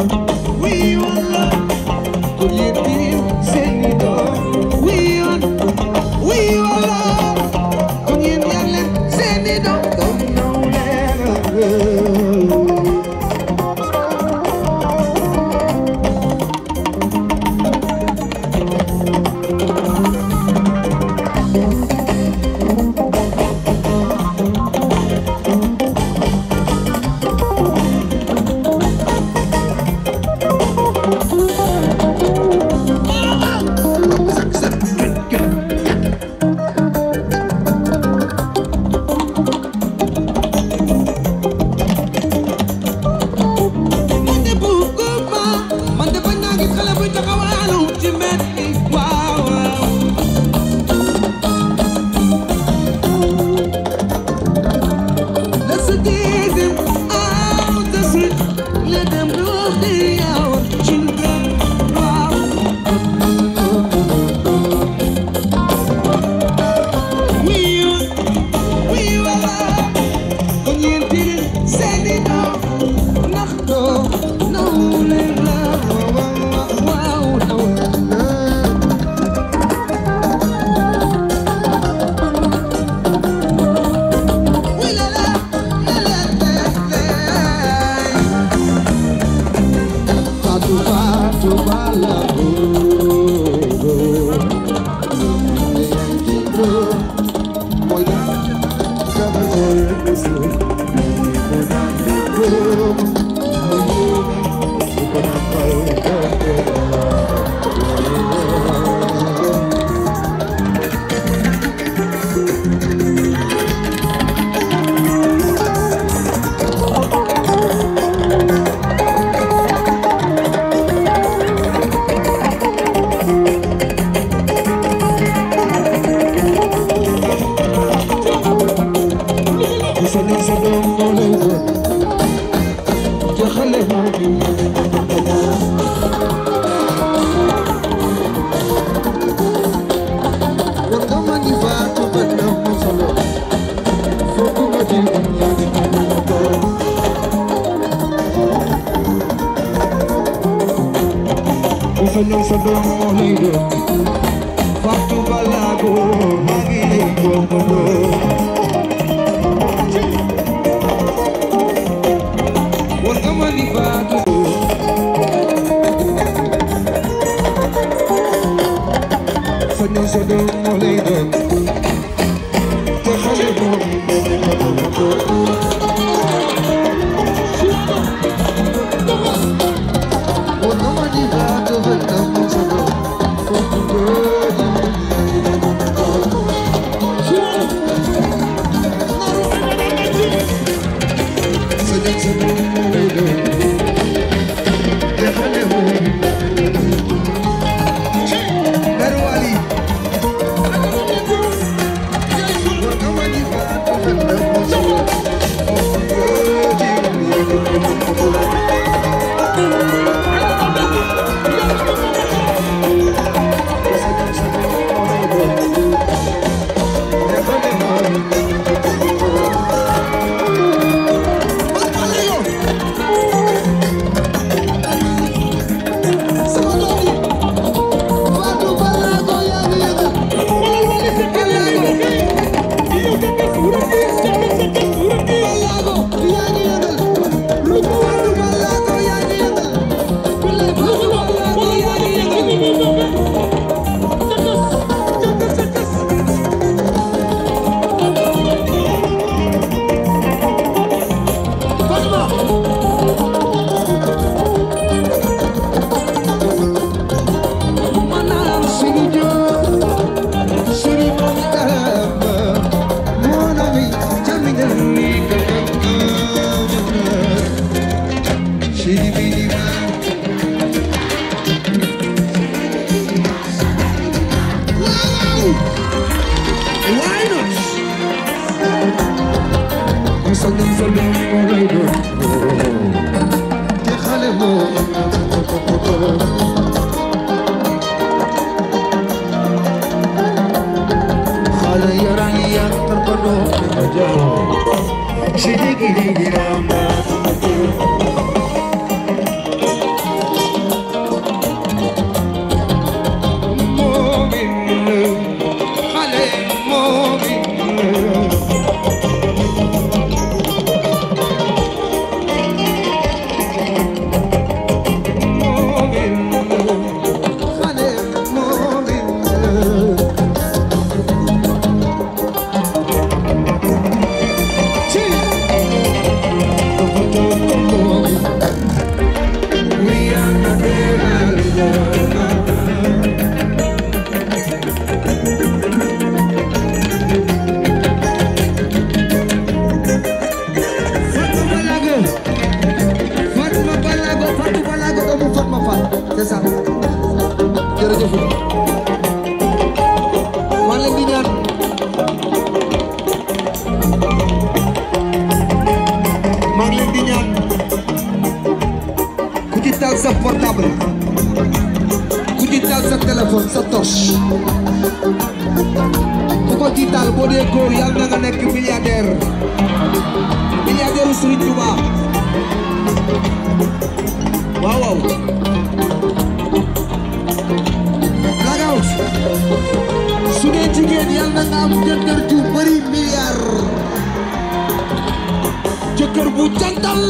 a you sa ñëw sa doom moo lay doon Fatou Balago maa ngi yëg poche ku ko jiital boo dee góor yàlla na nga nekk milliardaire milliardaire Serigne Touba waaw waaw su dee jigéen yàlla na nga am jëkkër ju bëri milliard bu jantal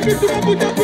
que tu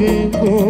King